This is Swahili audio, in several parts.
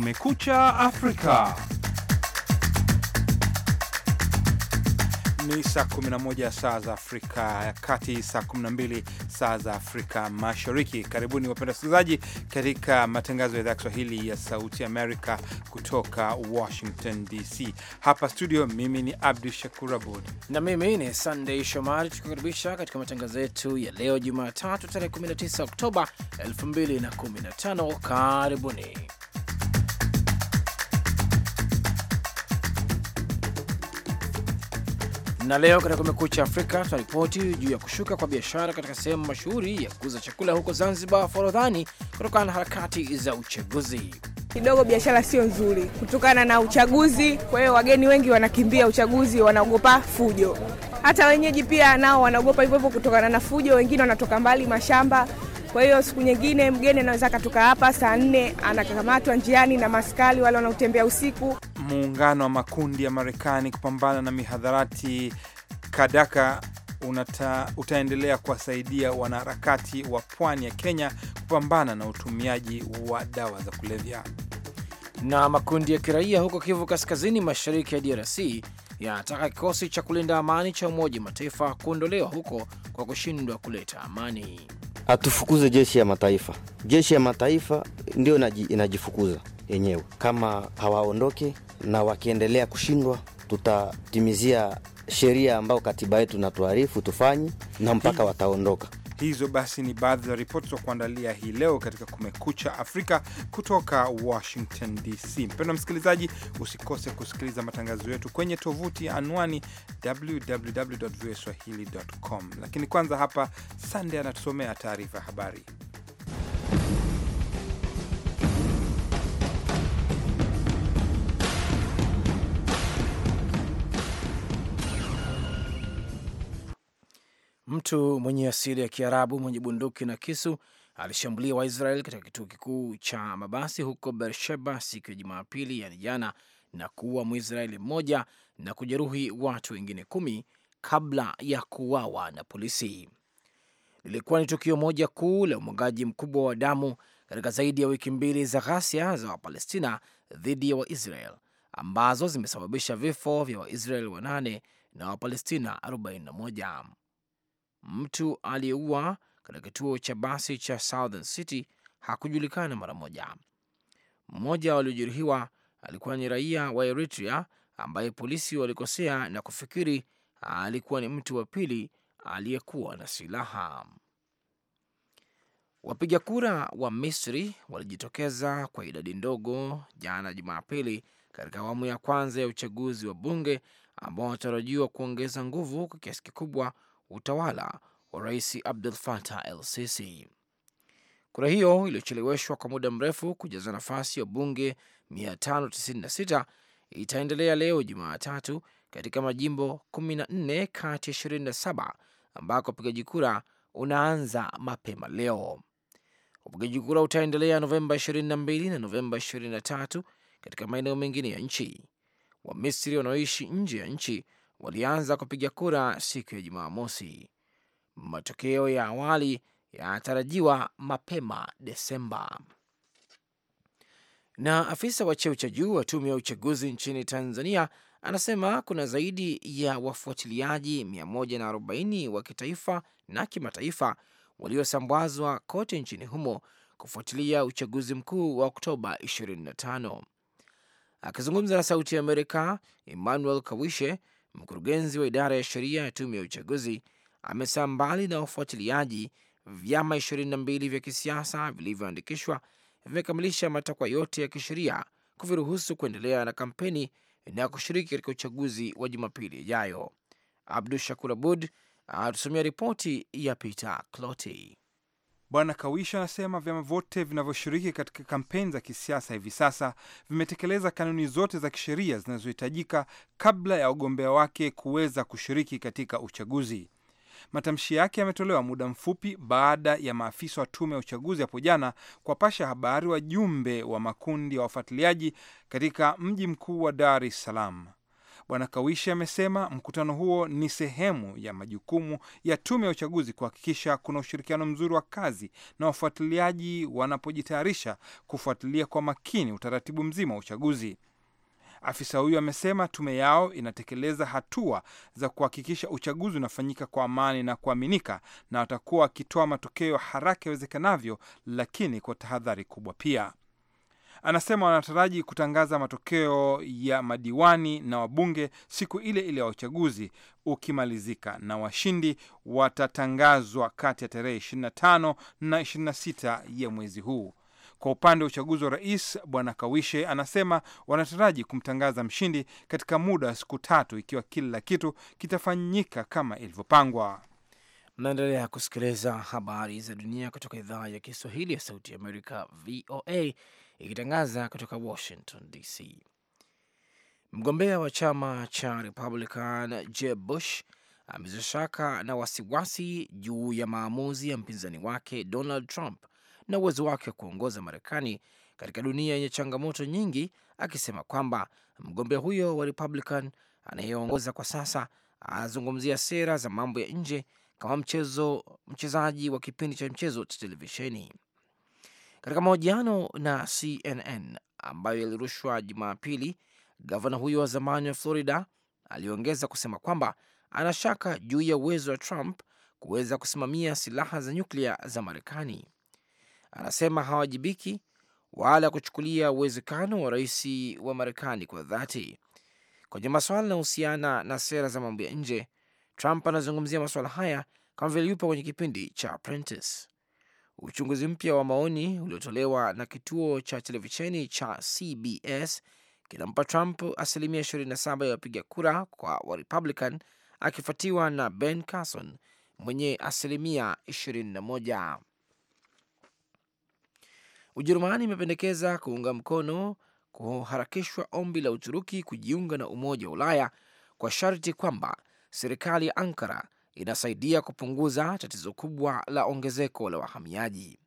Kumekucha Afrika. Ni saa 11 saa za Afrika ya Kati, saa 12 saa za Afrika Mashariki. Karibuni wapenda wasikilizaji katika matangazo ya idhaa ya Kiswahili ya Sauti Amerika kutoka Washington DC. Hapa studio, mimi ni Abdu Shakur Abud na mimi ni Sandei Shomari, tukikaribisha katika matangazo yetu ya leo Jumatatu tarehe 19 Oktoba 2015. Karibuni. Na leo katika Kumekucha Afrika tunaripoti juu ya kushuka kwa biashara katika sehemu mashuhuri ya kuuza chakula huko Zanzibar, Forodhani, kutokana na harakati za uchaguzi. Kidogo biashara sio nzuri kutokana na uchaguzi, kwa hiyo wageni wengi wanakimbia uchaguzi, wanaogopa fujo. Hata wenyeji pia nao wanaogopa hivyo hivyo kutokana na fujo, wengine wanatoka mbali mashamba kwa hiyo siku nyingine mgeni anaweza akatoka hapa saa nne anakamatwa njiani na maskari wale wanaotembea usiku. Muungano wa makundi ya Marekani kupambana na mihadharati Kadaka unata, utaendelea kuwasaidia wanaharakati wa pwani ya Kenya kupambana na utumiaji wa dawa za kulevya. Na makundi ya kiraia huko Kivu Kaskazini, mashariki ya DRC yanataka kikosi cha kulinda amani cha Umoja Mataifa kuondolewa huko kwa kushindwa kuleta amani. Hatufukuze jeshi ya mataifa, jeshi ya mataifa ndio inajifukuza yenyewe. Kama hawaondoki na wakiendelea kushindwa, tutatimizia sheria ambayo katiba yetu tuharifu tufanye na mpaka wataondoka. Hizo basi ni baadhi ya ripoti za kuandalia hii leo katika Kumekucha Afrika kutoka Washington DC. Mpendwa msikilizaji, usikose kusikiliza matangazo yetu kwenye tovuti ya anwani www Lakini kwanza hapa, Sande anatusomea taarifa ya habari. Mtu mwenye asili ya Kiarabu mwenye bunduki na kisu alishambulia Waisrael katika kituo kikuu cha mabasi huko Beersheba siku ya Jumapili, yani jana, na kuua Mwisraeli mmoja na kujeruhi watu wengine kumi kabla ya kuuawa na polisi. Lilikuwa ni tukio moja kuu la umwagaji mkubwa wa damu katika zaidi ya wiki mbili za ghasia za Wapalestina dhidi ya Waisrael ambazo zimesababisha vifo vya Waisrael wanane na Wapalestina 41. Mtu aliyeua katika kituo cha basi cha Southern City hakujulikana mara moja. Mmoja waliojeruhiwa alikuwa ni raia wa Eritrea ambaye polisi walikosea na kufikiri alikuwa ni mtu wa pili aliyekuwa na silaha. Wapiga kura wa Misri walijitokeza kwa idadi ndogo jana Jumapili katika awamu ya kwanza ya uchaguzi wa bunge ambao wanatarajiwa kuongeza nguvu kwa kiasi kikubwa utawala wa Rais Abdul Fatah el Sisi. Kura hiyo iliyocheleweshwa kwa muda mrefu kujaza nafasi ya bunge 596 itaendelea leo Jumatatu katika majimbo 14 kati ya 27 ambako upigaji kura unaanza mapema leo. Upigaji kura utaendelea Novemba 22 na Novemba 23 katika maeneo mengine ya nchi. Wamisri wanaoishi nje ya nchi walianza kupiga kura siku ya Jumamosi. Matokeo ya awali yanatarajiwa mapema Desemba. Na afisa wa cheo cha juu wa tume ya uchaguzi nchini Tanzania anasema kuna zaidi ya wafuatiliaji 140 wa kitaifa na kimataifa waliosambazwa kote nchini humo kufuatilia uchaguzi mkuu wa Oktoba 25. Akizungumza na Sauti ya Amerika, Emmanuel Kawishe Mkurugenzi wa idara ya sheria ya tume ya uchaguzi amesema mbali na ufuatiliaji, vyama ishirini na mbili vya kisiasa vilivyoandikishwa vimekamilisha matakwa yote ya kisheria kuviruhusu kuendelea na kampeni na kushiriki katika uchaguzi wa Jumapili ijayo. Abdu Shakur Abud anatusomea ripoti ya Peter Cloti. Bwana Kawisha anasema vyama vyote vinavyoshiriki katika kampeni za kisiasa hivi sasa vimetekeleza kanuni zote za kisheria zinazohitajika kabla ya wagombea wake kuweza kushiriki katika uchaguzi. Matamshi yake yametolewa muda mfupi baada ya maafisa wa tume ya uchaguzi hapo jana kuwapasha habari wajumbe wa makundi ya wafuatiliaji katika mji mkuu wa Dar es Salaam. Bwana Kawishi amesema mkutano huo ni sehemu ya majukumu ya tume ya uchaguzi kuhakikisha kuna ushirikiano mzuri wa kazi na wafuatiliaji wanapojitayarisha kufuatilia kwa makini utaratibu mzima wa uchaguzi. Afisa huyo amesema tume yao inatekeleza hatua za kuhakikisha uchaguzi unafanyika kwa amani na kuaminika, na watakuwa wakitoa matokeo haraka iwezekanavyo, lakini kwa tahadhari kubwa pia. Anasema wanataraji kutangaza matokeo ya madiwani na wabunge siku ile ile ya uchaguzi ukimalizika, na washindi watatangazwa kati ya tarehe 25 na 26 ya mwezi huu. Kwa upande wa uchaguzi wa rais, bwana Kawishe anasema wanataraji kumtangaza mshindi katika muda wa siku tatu, ikiwa kila kitu kitafanyika kama ilivyopangwa. Mnaendelea kusikiliza habari za dunia kutoka idhaa ya Kiswahili ya Sauti ya Amerika, VOA, ikitangaza kutoka Washington DC. Mgombea wa chama cha Republican Jeb Bush amezua shaka na wasiwasi juu ya maamuzi ya mpinzani wake Donald Trump na uwezo wake wa kuongoza Marekani katika dunia yenye changamoto nyingi, akisema kwamba mgombea huyo wa Republican anayeongoza kwa sasa anazungumzia sera za mambo ya nje kama mchezo mchezaji wa kipindi cha mchezo cha televisheni. Katika mahojiano na CNN ambayo yalirushwa Jumapili, gavana huyo wa zamani wa Florida aliongeza kusema kwamba ana shaka juu ya uwezo wa Trump kuweza kusimamia silaha za nyuklia za Marekani. Anasema hawajibiki wala kuchukulia uwezekano wa rais wa Marekani kwa dhati. Kwenye masuala yanayohusiana na sera za mambo ya nje, Trump anazungumzia masuala haya kama vile yupo kwenye kipindi cha Apprentice. Uchunguzi mpya wa maoni uliotolewa na kituo cha televisheni cha CBS kinampa Trump asilimia 27 ya wapiga kura kwa warpublican akifuatiwa na Ben Carson mwenye asilimia 21. Ujerumani imependekeza kuunga mkono kuharakishwa ombi la Uturuki kujiunga na Umoja wa Ulaya kwa sharti kwamba serikali ya Ankara inasaidia kupunguza tatizo kubwa la ongezeko la wahamiaji.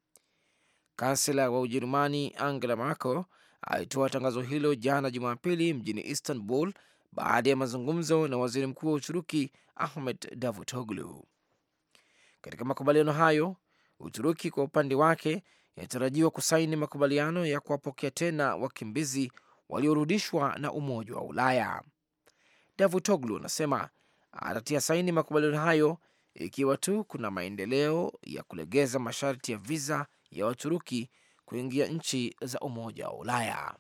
Kansela wa Ujerumani Angela Merkel alitoa tangazo hilo jana Jumapili mjini Istanbul baada ya mazungumzo na waziri mkuu wa Uturuki Ahmed Davutoglu. Katika makubaliano hayo, Uturuki kwa upande wake inatarajiwa kusaini makubaliano ya kuwapokea tena wakimbizi waliorudishwa na Umoja wa Ulaya. Davutoglu anasema atatia saini makubaliano hayo ikiwa tu kuna maendeleo ya kulegeza masharti ya viza ya Waturuki kuingia nchi za Umoja wa Ulaya.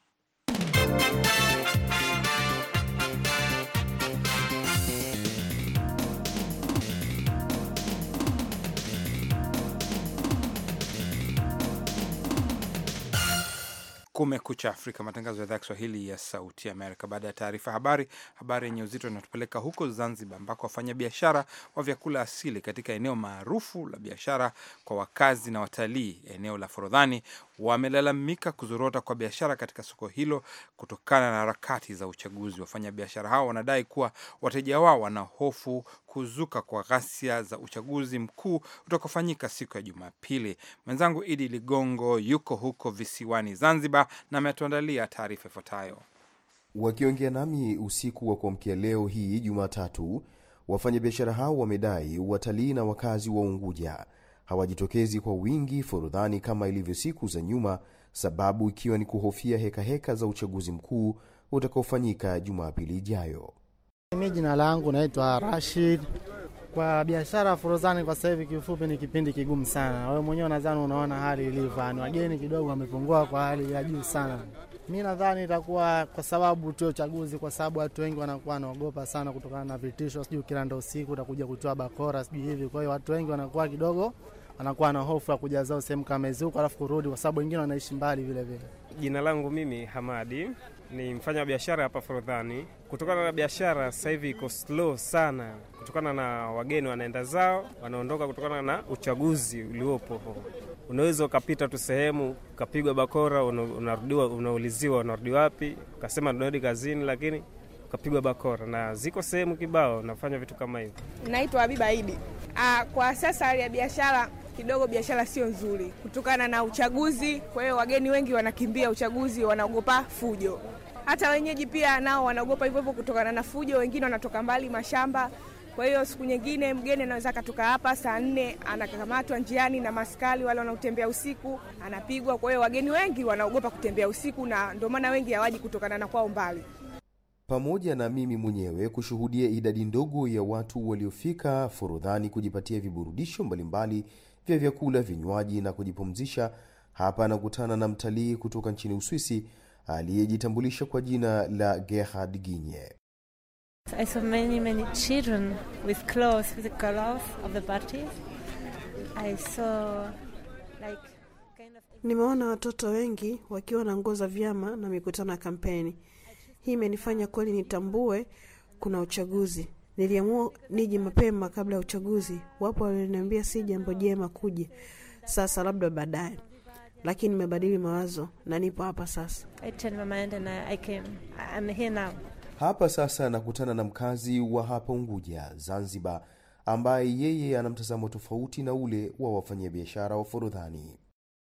Kumekucha Afrika, matangazo ya idhaa ya Kiswahili ya Sauti Amerika. Baada ya taarifa habari, habari yenye uzito inatupeleka huko Zanzibar, ambako wafanyabiashara wa vyakula asili katika eneo maarufu la biashara kwa wakazi na watalii, eneo la Forodhani, wamelalamika kuzorota kwa biashara katika soko hilo kutokana na harakati za uchaguzi. Wafanyabiashara hao wanadai kuwa wateja wao wanahofu kuzuka kwa ghasia za uchaguzi mkuu utakaofanyika siku ya Jumapili. Mwenzangu Idi Ligongo yuko huko visiwani Zanzibar na ametuandalia taarifa ifuatayo. Wakiongea nami usiku wa kuamkia leo hii Jumatatu, wafanyabiashara hao wamedai watalii na wakazi wa Unguja hawajitokezi kwa wingi forodhani kama ilivyo siku za nyuma, sababu ikiwa ni kuhofia hekaheka heka za uchaguzi mkuu utakaofanyika Jumapili ijayo. Mi jina langu naitwa Rashid. Kwa biashara ya forodhani kwa sahivi kiufupi ni kipindi kigumu sana. Wewe mwenyewe nadhani unaona hali ilivyo, yani wageni kidogo wamepungua kwa hali ya juu sana. Mi nadhani itakuwa kwa sababu tu uchaguzi, kwa sababu watu wengi wanakuwa wanaogopa sana kutokana na vitisho, sijui kila ndo usiku utakuja kutoa bakora, sijui hivi. Kwa hiyo watu wengi wanakuwa kidogo anakuwa na hofu ya kuja zao sehemu kama hizo huko, alafu kurudi, kwa sababu wengine wanaishi mbali vile vile. Jina langu mimi Hamadi, ni mfanya biashara hapa Forodhani. Kutokana na biashara sasa hivi iko slow sana, kutokana na wageni wanaenda zao, wanaondoka kutokana na uchaguzi uliopo. Unaweza ukapita tu sehemu ukapigwa bakora, unarudiwa, unauliziwa unarudi wapi, ukasema tunarudi kazini, lakini ukapigwa bakora, na ziko sehemu kibao nafanya vitu kama hivyo. Naitwa Habiba Idi. Ah, kwa sasa hali ya biashara kidogo biashara sio nzuri kutokana na uchaguzi. Kwa hiyo wageni wengi wanakimbia uchaguzi, wanaogopa fujo. Hata wenyeji pia nao wanaogopa hivyo hivyo kutokana na fujo, wengine wanatoka mbali mashamba. Kwa hiyo siku nyingine mgeni anaweza akatoka hapa saa nne anakamatwa njiani na maskari wale wanaotembea usiku, anapigwa. Kwa hiyo wageni wengi wanaogopa kutembea usiku, na ndio maana wengi hawaji kutokana na kwao mbali pamoja na mimi mwenyewe kushuhudia idadi ndogo ya watu waliofika Forodhani kujipatia viburudisho mbalimbali vya vyakula, vinywaji na kujipumzisha. Hapa anakutana na mtalii kutoka nchini Uswisi aliyejitambulisha kwa jina la Gerhard Ginye. Nimeona watoto wengi wakiwa na nguo za vyama na mikutano ya kampeni. Hii imenifanya kweli nitambue kuna uchaguzi. Niliamua niji mapema kabla ya uchaguzi. Wapo walioniambia si jambo jema kuja sasa, labda baadaye, lakini nimebadili mawazo na nipo hapa sasa. Hapa sasa nakutana na mkazi wa hapa Unguja, Zanzibar, ambaye yeye ana mtazamo tofauti na ule wa wafanyabiashara wa Forodhani.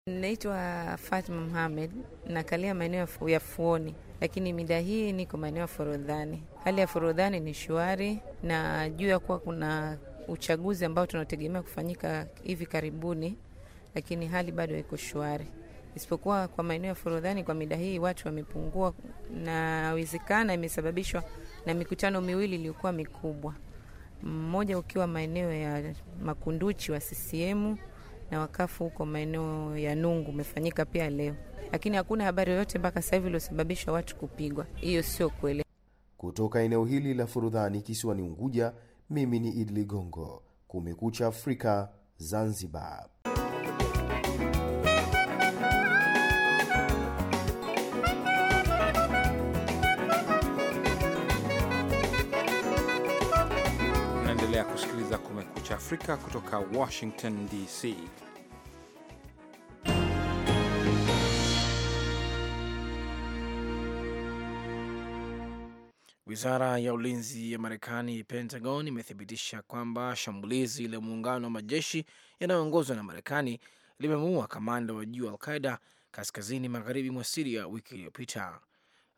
Naitwa Fatma Mohamed, nakalia maeneo ya Fuoni, lakini mida hii niko maeneo ya Forodhani. Hali ya Forodhani ni shwari, na juu ya kuwa kuna uchaguzi ambao tunategemea kufanyika hivi karibuni, lakini hali bado iko shwari, isipokuwa kwa maeneo ya Forodhani kwa mida hii watu wamepungua, na wezekana imesababishwa na mikutano miwili iliyokuwa mikubwa, mmoja ukiwa maeneo ya Makunduchi wa CCM na wakafu huko maeneo ya Nungu umefanyika pia leo, lakini hakuna habari yoyote mpaka sasa hivi iliosababisha watu kupigwa. Hiyo sio kweli. Kutoka eneo hili la Furudhani kisiwani Unguja, mimi ni Idi Ligongo, Kumekucha Afrika, Zanzibar. Kumekucha Afrika kutoka Washington DC. Wizara ya ulinzi ya Marekani, Pentagon, imethibitisha kwamba shambulizi la muungano wa majeshi yanayoongozwa na Marekani limemuua kamanda wa juu wa Alqaida kaskazini magharibi mwa Siria wiki iliyopita.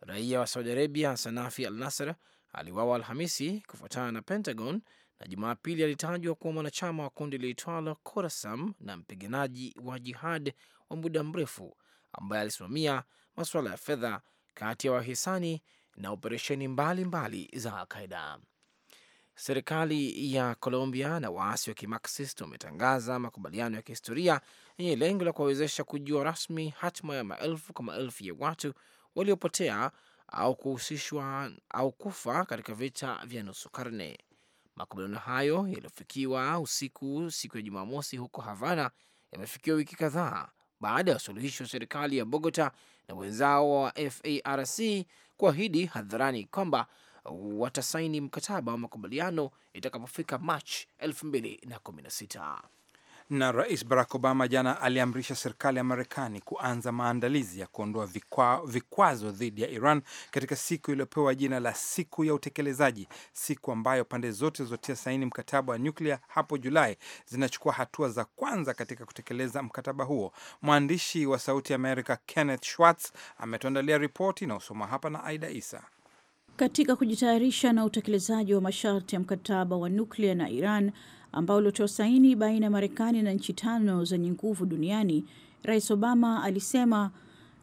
Raia wa Saudi Arabia Sanafi al Nasr aliwawa Alhamisi kufuatana na Pentagon na Jumapili alitajwa kuwa mwanachama wa kundi liitwalo Korasam na mpiganaji wa jihad wa muda mrefu ambaye alisimamia masuala ya fedha kati ya wahisani na operesheni mbalimbali za Alqaida. Serikali ya Colombia na waasi wa Kimaksist wametangaza makubaliano ya kihistoria yenye lengo la kuwawezesha kujua rasmi hatima ya maelfu kwa maelfu ya watu waliopotea au kuhusishwa au kufa katika vita vya nusu karne. Makubaliano hayo yaliyofikiwa usiku siku ya Jumamosi huko Havana yamefikiwa wiki kadhaa baada ya wasuluhishi wa serikali ya Bogota na wenzao wa FARC kuahidi hadharani kwamba watasaini mkataba wa makubaliano itakapofika Machi 2016. Na Rais Barack Obama jana aliamrisha serikali ya Marekani kuanza maandalizi ya kuondoa vikwazo dhidi ya Iran katika siku iliyopewa jina la siku ya utekelezaji, siku ambayo pande zote zilizotia saini mkataba wa nyuklia hapo Julai zinachukua hatua za kwanza katika kutekeleza mkataba huo. Mwandishi wa Sauti ya Amerika Kenneth Schwartz ametuandalia ripoti inayosoma hapa na Aida Isa. Katika kujitayarisha na utekelezaji wa masharti ya mkataba wa nuklia na Iran ambao uliotoa saini baina ya Marekani na nchi tano zenye nguvu duniani, Rais Obama alisema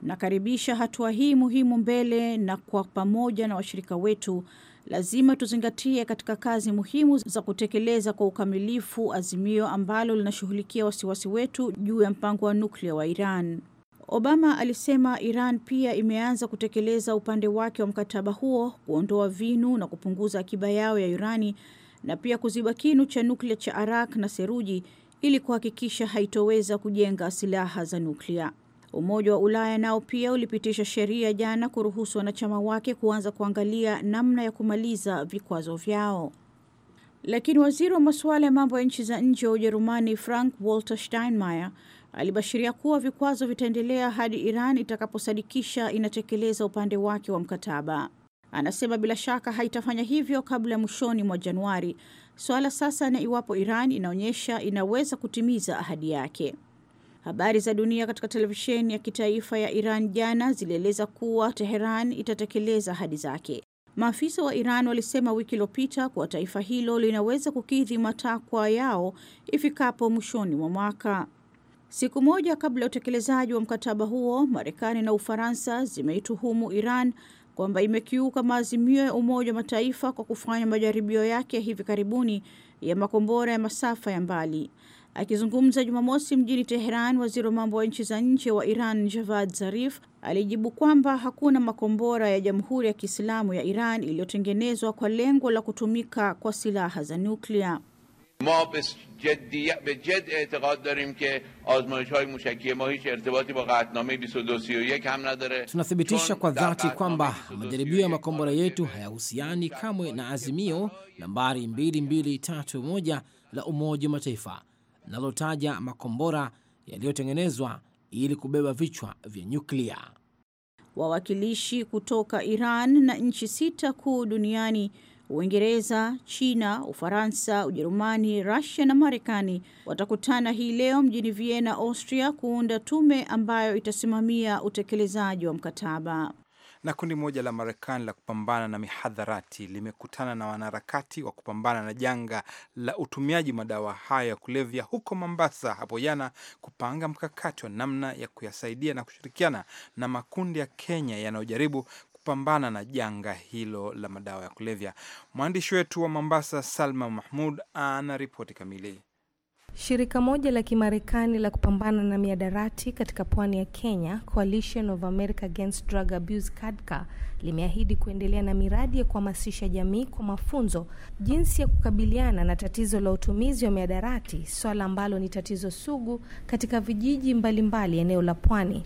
nakaribisha hatua hii muhimu mbele, na kwa pamoja na washirika wetu lazima tuzingatie katika kazi muhimu za kutekeleza kwa ukamilifu azimio ambalo linashughulikia wasiwasi wetu juu ya mpango wa nuklia wa Iran. Obama alisema Iran pia imeanza kutekeleza upande wake wa mkataba huo, kuondoa vinu na kupunguza akiba yao ya urani na pia kuziba kinu cha nuklia cha arak na seruji ili kuhakikisha haitoweza kujenga silaha za nuklia. Umoja wa Ulaya nao pia ulipitisha sheria jana kuruhusu wanachama wake kuanza kuangalia namna ya kumaliza vikwazo vyao. Lakini waziri wa masuala ya mambo ya nchi za nje wa Ujerumani Frank Walter Steinmeier alibashiria kuwa vikwazo vitaendelea hadi Iran itakaposadikisha inatekeleza upande wake wa mkataba. Anasema bila shaka haitafanya hivyo kabla ya mwishoni mwa Januari. Swala sasa ni iwapo Iran inaonyesha inaweza kutimiza ahadi yake. Habari za dunia katika televisheni ya kitaifa ya Iran jana zilieleza kuwa Teheran itatekeleza ahadi zake. Maafisa wa Iran walisema wiki iliyopita kuwa taifa hilo linaweza kukidhi matakwa yao ifikapo mwishoni mwa mwaka. Siku moja kabla ya utekelezaji wa mkataba huo, Marekani na Ufaransa zimeituhumu Iran kwamba imekiuka maazimio ya Umoja wa Mataifa kwa kufanya majaribio yake hivi karibuni ya makombora ya masafa ya mbali. Akizungumza Jumamosi mjini Teheran, waziri wa mambo ya nchi za nje wa Iran Javad Zarif alijibu kwamba hakuna makombora ya Jamhuri ya Kiislamu ya Iran iliyotengenezwa kwa lengo la kutumika kwa silaha za nyuklia. ما به جد اعتقاد داریم که آزمایش های موشکی ما هیچ ارتباطی با قطنامه 2231 هم نداره. Tunathibitisha kwa dhati kwamba majaribio ya makombora yetu hayahusiani kamwe na azimio nambari 2231 la Umoja wa Mataifa linalotaja makombora yaliyotengenezwa ili kubeba vichwa vya nyuklia. Wawakilishi kutoka Iran na nchi sita kuu duniani Uingereza, China, Ufaransa, Ujerumani, Rusia na Marekani watakutana hii leo mjini Vienna, Austria, kuunda tume ambayo itasimamia utekelezaji wa mkataba. Na kundi moja la Marekani la kupambana na mihadharati limekutana na wanaharakati wa kupambana na janga la utumiaji madawa hayo ya kulevya huko Mombasa hapo jana kupanga mkakati wa namna ya kuyasaidia na kushirikiana na makundi ya Kenya yanayojaribu kupambana na janga hilo la madawa ya kulevya. Mwandishi wetu wa Mombasa, Salma Mahmud, ana ripoti kamili. Shirika moja la Kimarekani la kupambana na miadarati katika pwani ya Kenya, Coalition of America Against Drug Abuse CADCA, limeahidi kuendelea na miradi ya kuhamasisha jamii kwa mafunzo jinsi ya kukabiliana na tatizo la utumizi wa miadarati, swala ambalo ni tatizo sugu katika vijiji mbalimbali mbali eneo la pwani.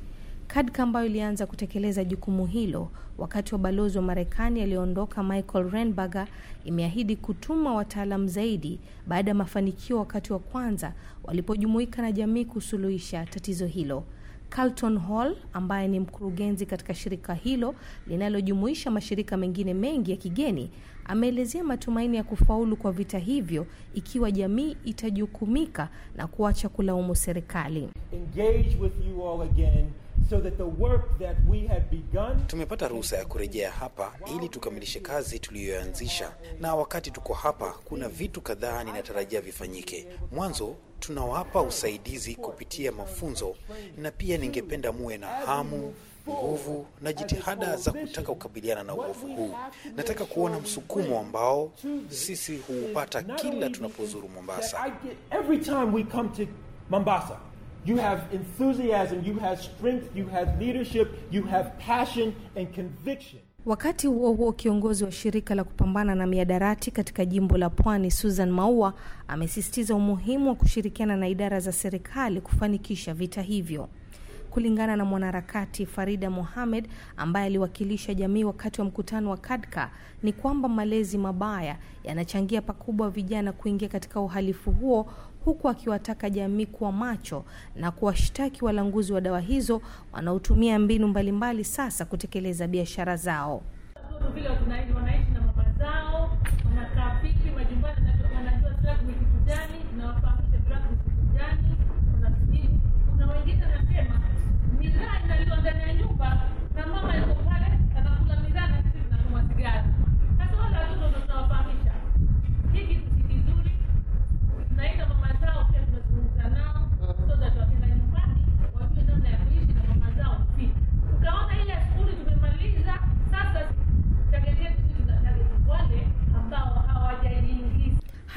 Kadka ambayo ilianza kutekeleza jukumu hilo wakati wa balozi wa Marekani aliyoondoka Michael Renberger imeahidi kutuma wataalam zaidi baada ya mafanikio wakati wa kwanza walipojumuika na jamii kusuluhisha tatizo hilo. Carlton Hall ambaye ni mkurugenzi katika shirika hilo linalojumuisha mashirika mengine mengi ya kigeni ameelezea matumaini ya kufaulu kwa vita hivyo ikiwa jamii itajukumika na kuacha kulaumu serikali. Engage with you all again. So that the work that we had begun... Tumepata ruhusa ya kurejea hapa ili tukamilishe kazi tuliyoanzisha, na wakati tuko hapa kuna vitu kadhaa ninatarajia vifanyike. Mwanzo, tunawapa usaidizi kupitia mafunzo, na pia ningependa muwe na hamu nguvu na jitihada za kutaka kukabiliana na uovu huu. Nataka kuona msukumo ambao sisi huupata kila tunapozuru Mombasa. You have enthusiasm, you have strength, you have leadership, you have passion and conviction. Wakati huo huo, kiongozi wa shirika la kupambana na miadarati katika jimbo la Pwani, Susan Maua, amesisitiza umuhimu wa kushirikiana na idara za serikali kufanikisha vita hivyo kulingana na mwanaharakati Farida Mohamed ambaye aliwakilisha jamii wakati wa mkutano wa Kadka ni kwamba malezi mabaya yanachangia pakubwa vijana kuingia katika uhalifu huo, huku akiwataka jamii kuwa macho na kuwashtaki walanguzi wa dawa hizo wanaotumia mbinu mbalimbali sasa kutekeleza biashara zao. alikuwa ndani ya nyumba na mama yuko pale anakula mizani, sisi tunatumwa sigara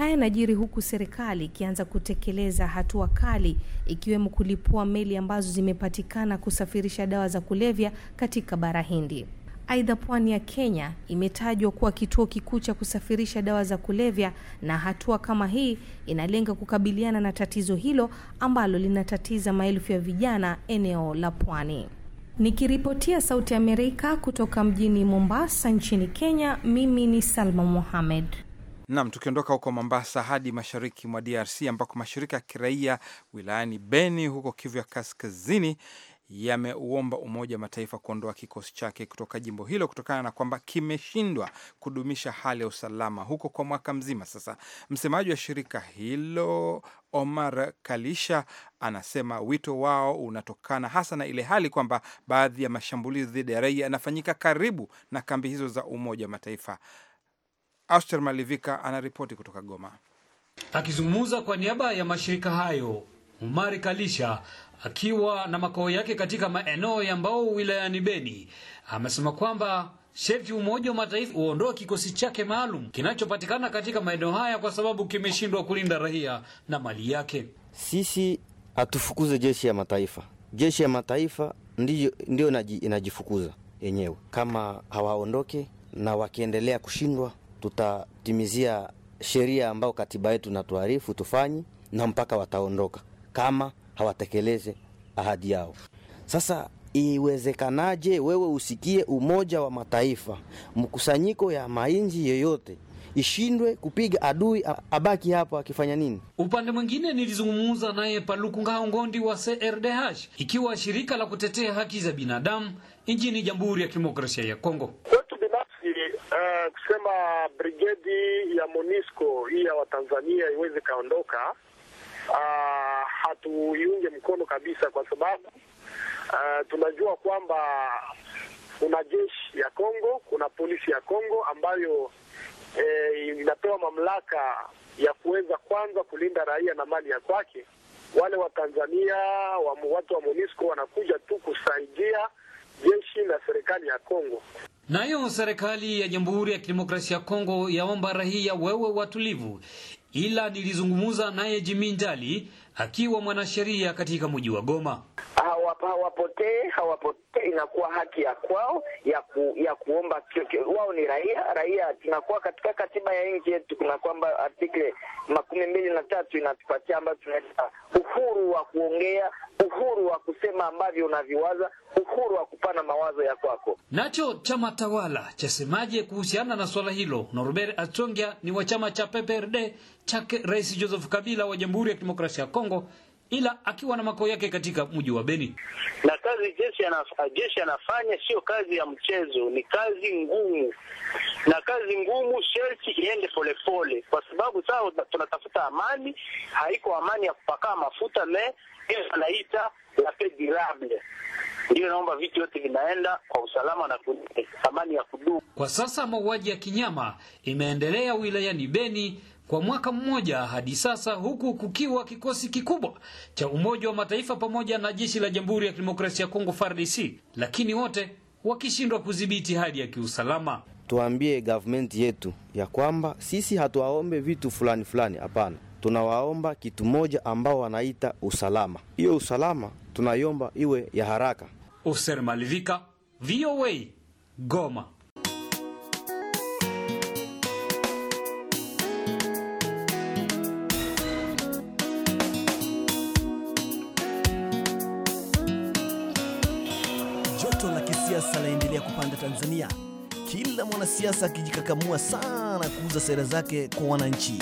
Haya yanajiri huku serikali ikianza kutekeleza hatua kali ikiwemo kulipua meli ambazo zimepatikana kusafirisha dawa za kulevya katika bara Hindi. Aidha, pwani ya Kenya imetajwa kuwa kituo kikuu cha kusafirisha dawa za kulevya, na hatua kama hii inalenga kukabiliana na tatizo hilo ambalo linatatiza maelfu ya vijana eneo la pwani. Nikiripotia Sauti ya Amerika kutoka mjini Mombasa nchini Kenya, mimi ni Salma Mohamed. Nam, tukiondoka huko Mombasa hadi mashariki mwa DRC ambako mashirika ya kiraia wilayani Beni huko Kivu ya Kaskazini yameuomba Umoja wa Mataifa kuondoa kikosi chake kutoka jimbo hilo kutokana na kwamba kimeshindwa kudumisha hali ya usalama huko kwa mwaka mzima sasa. Msemaji wa shirika hilo Omar Kalisha anasema wito wao unatokana hasa na ile hali kwamba baadhi ya mashambulizi dhidi ya raia yanafanyika karibu na kambi hizo za Umoja wa Mataifa. Auster Malivika anaripoti kutoka Goma. Akizungumza kwa niaba ya mashirika hayo, Umari Kalisha akiwa na makao yake katika maeneo ya Mbao wilayani Beni amesema kwamba Shefti Umoja wa Mataifa uondoe kikosi chake maalum kinachopatikana katika maeneo haya kwa sababu kimeshindwa kulinda raia na mali yake. Sisi hatufukuze jeshi ya mataifa, jeshi ya mataifa ndiyo, ndiyo inajifukuza yenyewe kama hawaondoke, na wakiendelea kushindwa tutatimizia sheria ambayo katiba yetu natuarifu tufanye, na mpaka wataondoka kama hawatekeleze ahadi yao. Sasa iwezekanaje wewe usikie Umoja wa Mataifa, mkusanyiko ya mainji yoyote ishindwe kupiga adui abaki hapo akifanya nini? Upande mwingine, nilizungumza naye Paluku ngaongondi Ngondi wa CRDH, ikiwa shirika la kutetea haki za binadamu nchini Jamhuri ya Kidemokrasia ya Kongo. Eh, kusema brigedi ya Monisco hii ya Watanzania iweze kaondoka, uh, hatuiunge mkono kabisa, kwa sababu uh, tunajua kwamba kuna jeshi ya Kongo, kuna polisi ya Kongo ambayo eh, inapewa mamlaka ya kuweza kwanza kulinda raia na mali ya kwake. Wale Watanzania wa, watu wa Monisco wanakuja tu kusaidia jeshi na serikali ya Kongo. Nayo serikali ya Jamhuri ya Kidemokrasia ya Kongo yaomba rahia wewe watulivu, ila nilizungumza naye Jimi ndali akiwa mwanasheria katika mji wa Goma. Ah, hawapotee hawapotee, inakuwa haki ya kwao ya ku, ya kuomba wao ni raia raia. Tunakuwa katika katiba ya nchi yetu kuna kwamba artikle makumi mbili na tatu inatupatia ambayo tunaita uhuru wa kuongea, uhuru wa kusema ambavyo unaviwaza, uhuru wa kupana mawazo ya kwako. Nacho chama tawala chasemaje kuhusiana na swala hilo? Norbert atongia ni wa chama cha PPRD chake Rais Joseph Kabila wa Jamhuri ya Kidemokrasia ya Kongo ila akiwa na makao yake katika mji wa Beni. Na kazi jeshi anafanya, jeshi anafanya sio kazi ya mchezo, ni kazi ngumu, na kazi ngumu sherti iende polepole, kwa sababu sasa tunatafuta amani, haiko amani ya kupakaa mafuta me hiyo la lape durable. Ndio naomba vitu yote vinaenda kwa usalama na amani ya kudumu. Kwa sasa mauaji ya kinyama imeendelea wilayani Beni kwa mwaka mmoja hadi sasa, huku kukiwa kikosi kikubwa cha Umoja wa Mataifa pamoja na jeshi la Jamhuri ya Kidemokrasia ya Kongo FARDC, lakini wote wakishindwa kudhibiti hali ya kiusalama. Tuambie government yetu ya kwamba sisi hatuwaombe vitu fulani fulani, hapana tunawaomba kitu moja ambao wanaita usalama. Hiyo usalama tunaiomba iwe ya haraka. Oser Malivika, VOA, Goma. Joto la kisiasa laendelea kupanda Tanzania, kila mwanasiasa akijikakamua sana kuuza sera zake kwa wananchi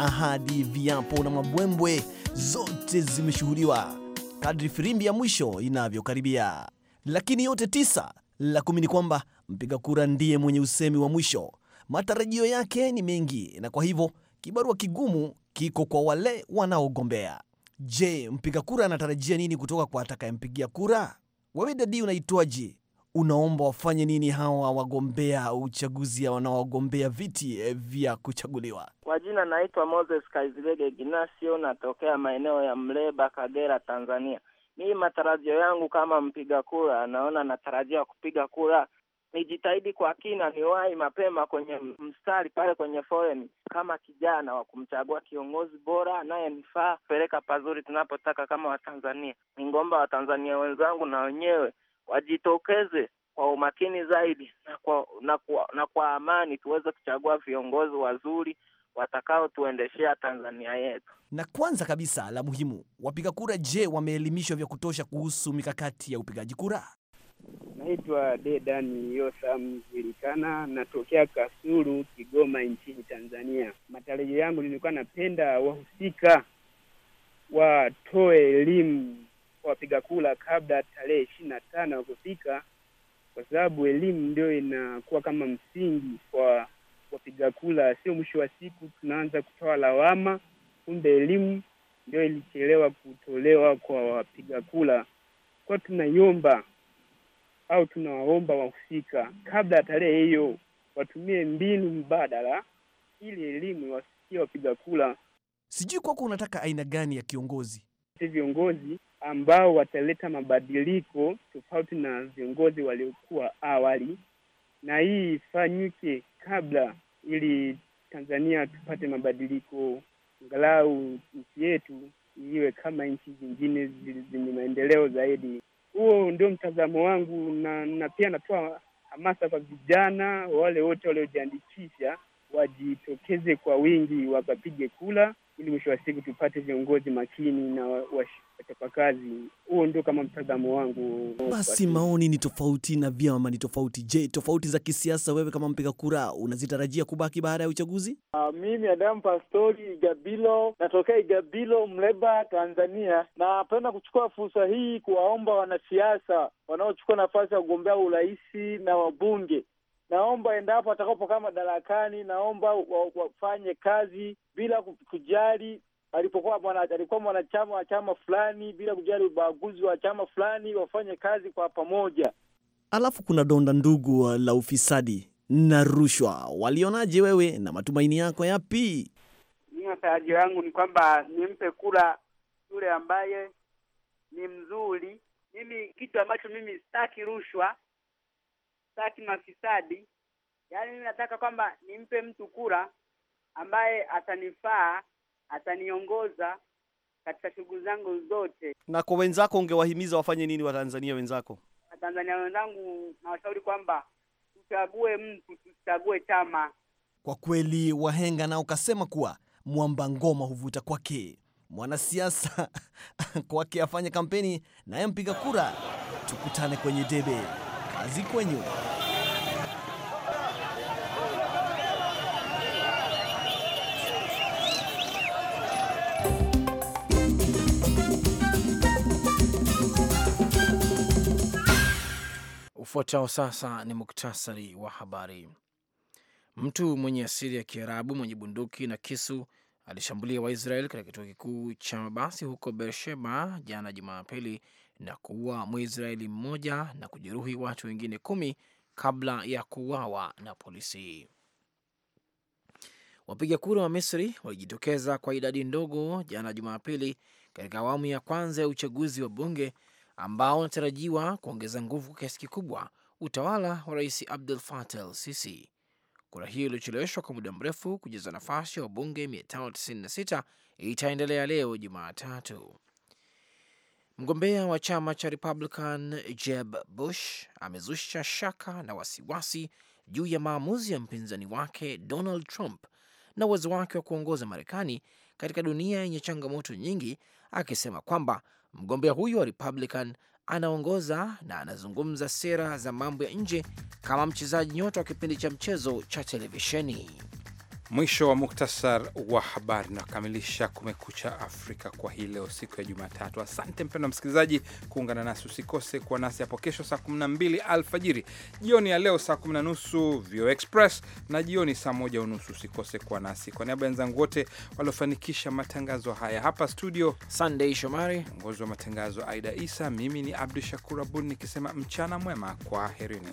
ahadi, viapo na mabwembwe zote zimeshuhudiwa kadri firimbi ya mwisho inavyokaribia. Lakini yote tisa, la kumi ni kwamba mpiga kura ndiye mwenye usemi wa mwisho. Matarajio yake ni mengi, na kwa hivyo kibarua kigumu kiko kwa wale wanaogombea. Je, mpiga kura anatarajia nini kutoka kwa atakayempigia kura? Wewe dadi, unaitwaje? unaomba wafanye nini hawa wagombea uchaguzi wanaogombea viti eh, vya kuchaguliwa? Kwa jina naitwa Moses Kaizilege Ginasio, natokea maeneo ya Mleba, Kagera, Tanzania. Mimi matarajio yangu kama mpiga kura, naona natarajia kupiga kura nijitahidi kwa kina, niwahi mapema kwenye mstari pale kwenye foreni, kama kijana wa kumchagua kiongozi bora anayenifaa peleka pazuri tunapotaka kama Watanzania. Ningomba Watanzania wenzangu na wenyewe wajitokeze kwa umakini zaidi na kwa, na kwa, na kwa amani tuweze kuchagua viongozi wazuri watakaotuendeshea Tanzania yetu. Na kwanza kabisa la muhimu, wapiga kura, je, wameelimishwa vya kutosha kuhusu mikakati ya upigaji kura? Naitwa Dedani Yosa Mzilikana, natokea Kasulu, Kigoma, nchini Tanzania. Matarajio yangu nilikuwa napenda wahusika watoe elimu wapiga kura kabla tarehe ishirini na tano ya kufika, kwa sababu elimu ndio inakuwa kama msingi kwa wapiga kura. Sio mwisho wa siku tunaanza kutoa lawama, kumbe elimu ndio ilichelewa kutolewa kwa wapiga kura. Kwa tunaiomba au tunawaomba wahusika, kabla ya tarehe hiyo, watumie mbinu mbadala ili elimu iwafikie wapiga kura. Sijui kwako unataka aina gani ya kiongozi? Si viongozi ambao wataleta mabadiliko tofauti na viongozi waliokuwa awali, na hii ifanyike kabla, ili Tanzania tupate mabadiliko, angalau nchi yetu iwe kama nchi zingine zenye maendeleo zaidi. Huo ndio mtazamo wangu, na, na pia natoa hamasa kwa vijana wale wote waliojiandikisha wajitokeze kwa wingi wakapige kula ili mwisho wa siku tupate viongozi makini na wachapakazi. Huo ndio kama mtazamo wangu. Basi maoni ni tofauti na vyama ni tofauti. Je, tofauti za kisiasa wewe kama mpiga kura unazitarajia kubaki baada ya uchaguzi? Uh, mimi Adamu Pastori Igabilo, natokea Igabilo, Mleba, Tanzania. Napenda kuchukua fursa hii kuwaomba wanasiasa wanaochukua nafasi ya kugombea urais na wabunge Naomba endapo atakapo kama madarakani, naomba wafanye kazi bila kujali alipokuwa mwana, alikuwa mwanachama wa chama fulani, bila kujali ubaguzi wa chama fulani, wafanye kazi kwa pamoja. Alafu kuna donda ndugu la ufisadi na rushwa. Walionaje wewe na matumaini yako yapi? Mi matarajio yangu ni kwamba nimpe kula yule ambaye ni mzuri. Mimi kitu ambacho mimi sitaki rushwa, sitaki mafisadi. Yaani nataka kwamba nimpe mtu kura ambaye atanifaa, ataniongoza katika shughuli zangu zote. Na kwa wenzako ungewahimiza wafanye nini Watanzania wenzako? Watanzania wenzangu nawashauri kwamba tuchague mtu, tusichague chama. Kwa kweli wahenga nao kasema kuwa mwamba ngoma huvuta kwake. Mwanasiasa kwake afanye kampeni, naye mpiga kura tukutane kwenye debe kazi kwenye ufuatao. Sasa ni muktasari wa habari. Mtu mwenye asili ya Kiarabu mwenye bunduki na kisu alishambulia Waisrael katika kituo kikuu cha mabasi huko Beersheba jana Jumapili na kuua Mwisraeli mmoja na kujeruhi watu wengine kumi kabla ya kuuawa na polisi. Wapiga kura wa Misri walijitokeza kwa idadi ndogo jana Jumapili katika awamu ya kwanza ya uchaguzi wa bunge ambao unatarajiwa kuongeza nguvu kwa kiasi kikubwa utawala wa Rais abdul Fattah el-Sisi. Kura hiyo iliocheleweshwa kwa muda mrefu kujaza nafasi ya wabunge 596 itaendelea leo Jumatatu. Mgombea wa chama cha Republican Jeb Bush amezusha shaka na wasiwasi juu ya maamuzi ya mpinzani wake Donald Trump na uwezo wake wa kuongoza Marekani katika dunia yenye changamoto nyingi, akisema kwamba mgombea huyo wa Republican anaongoza na anazungumza sera za mambo ya nje kama mchezaji nyota wa kipindi cha mchezo cha televisheni. Mwisho wa muktasar wa habari. Nakamilisha Kumekucha Afrika kwa hii leo, siku ya Jumatatu. Asante mpendwa msikilizaji kuungana nasi. Usikose kuwa nasi hapo kesho saa 12 alfajiri, jioni ya leo saa 1 nusu Vio Express na jioni saa 1 unusu. Usikose kuwa nasi. Kwa niaba ya wenzangu wote waliofanikisha matangazo haya hapa studio, Sunday Shomari mwongozi wa matangazo, Aida Isa, mimi ni Abdu Shakur Abud nikisema mchana mwema, kwa herini.